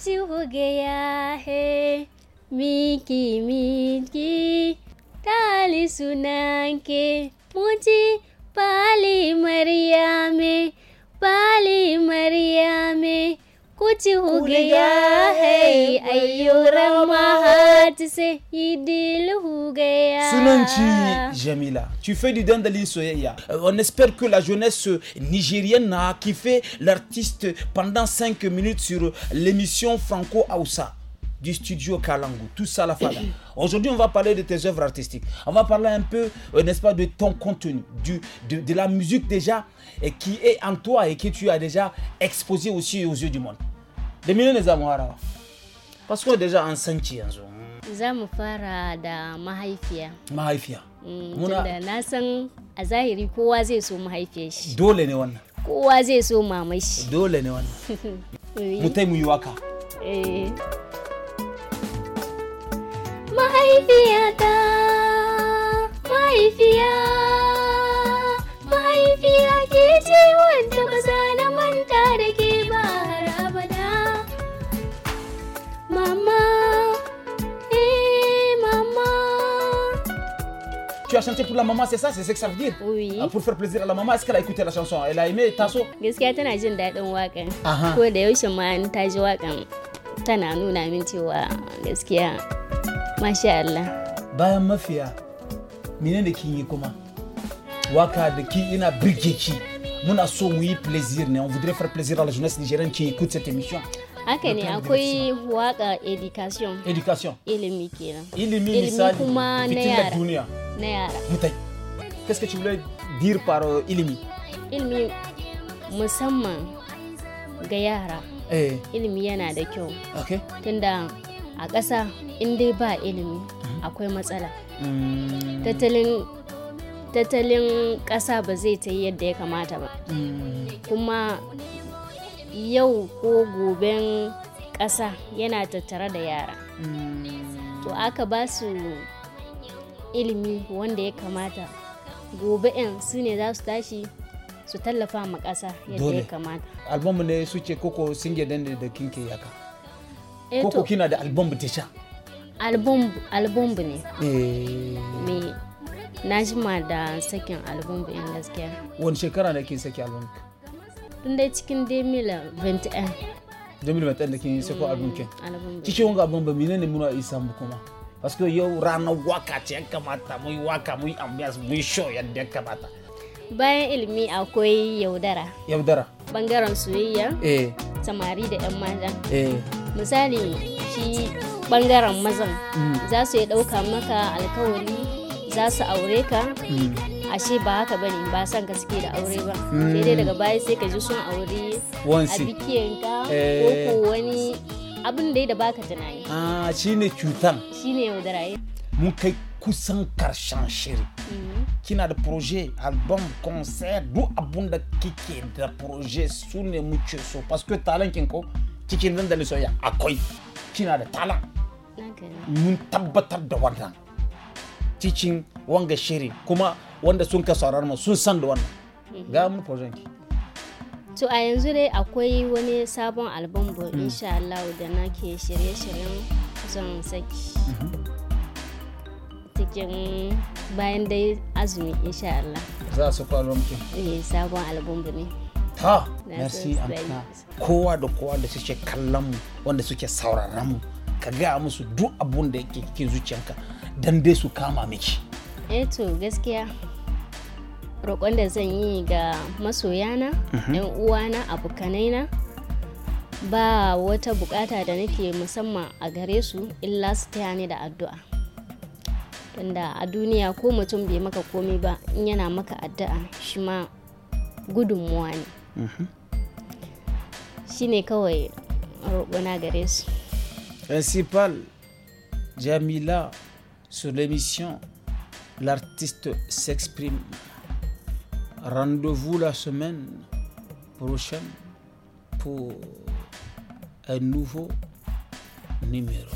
कुछ हो गया है मीकी मीकी ताली सुना के मुझे पाली मरिया में पाली मरिया में कुछ हो गया है Jamila, tu fais du dandali soyeya. On espère que la jeunesse nigérienne a kiffé l'artiste pendant 5 minutes sur l'émission Franco Aoussa du studio Kalangu, tout ça la fada. Aujourd'hui, on va parler de tes œuvres artistiques. On va parler un peu, euh, n'est-ce pas, de ton contenu, du, de, de, la musique déjà et qui est en toi et que tu as déjà exposé aussi aux yeux du monde. Les millions des amours. Pasko deja an san ci yanzu. Za mu fara da mahaifiya. Mahaifiya. Mm, Muna na san a zahiri kowa zai so mahaifiya shi. Dole ne wannan. Kowa zai so mamai shi. Dole ne wannan. Eh. Mu mu yi waka. Mahaifiya eh. Mahaifiyata, mahaifiya. Tu as chanté pour la maman, c'est ça C'est ce que ça veut dire Oui. Ah, pour faire plaisir à la maman, est-ce qu'elle a écouté la chanson Elle a aimé Tasso Gaskiya tana jin daɗin waƙan. Ko da yaushe ma in ta ji waƙan tana nuna qu'il y gaskiya masha Allah. Bayan mafiya, mine de yi kuma? Waka da ki ina birge ki. Muna so mu plaisir ne, on voudrait faire plaisir à la jeunesse nigérienne qui écoute cette émission. haka ne akwai waka education education ilimi kenan ilimi misali kuma na yara na yara mutai kaske cula dir faro ilimi ilimi musamman ga yara e. ilimi yana da kyau tunda a ƙasa in dai ba ilimi mhm. akwai matsala mm. tattalin ƙasa ba zai ta yi yadda ya kamata ba mm. kuma yau ko goben ƙasa yana tattare da yara mm. to aka ba su ilimi wanda ya kamata gobe 'yan su ne za su tashi su tallafa ma ƙasa yadda ya kamata albamu ne su ce koko singe dan da kinke yaka eh koko kina da albamu ta sha albamu ne eh. me na ma da sakin albamu yan gaskiya wani shekara da kin saki albamu. tun dai cikin 2021 2021 da kin sako albamu kin mm, cikin wanga mine ne muna isa mu kuma parce que yau ranar waka ce ya kamata mu yi waka mu yi ambiance mu show yadda kamata bayan ilimi akwai yaudara yaudara bangaren soyayya eh samari da yan mata eh misali shi bangaren mazan mm. za su yi dauka maka alkawari za su aure ka mm. ashe ba haka ba ne ba san ka suke da aure ba dai mm. daga baya sai ka ji sun aure a bikiyanka eh. ko wani abin da ya da baka tunani ah shine cutan shine yaudara eh. mun kai kusan karshen shiri mm-hmm. kina da proje, album concert duk abun da kike da proje su ne muke so parce que talent kin ko cikin ni soya akwai kina da talan. mun tabbatar da wannan cikin wanga shiri kuma wanda sun ka sauraron mu sun san da wannan mm-hmm. ga mu projet ki to a yanzu dai akwai wani sabon ba mm. insha Allah da nake shirye-shiryen zan saki mm-hmm. cikin bayan dai azumi insha Allah za su faru muke eh sabon albambo ne ha merci amka kowa da kowa da suke kallon mu wanda suke sauraron mu ka ga musu duk abun da yake zuciyanka dan dai su kama miki eh to gaskiya roƙon da zan yi ga masoyana yan mhm. uwana abokanaina ba wata buƙata da nake musamman a gare su illa su taya ni da addu'a tunda a duniya ko mutum bai maka komai ba in yana maka addu'a shi ma gudunmuwa ne mhm. shi ne kawai roƙona gare su principal jamila sur l'émission l'artiste s'exprime Rendez-vous la semaine prochaine pour un nouveau numéro.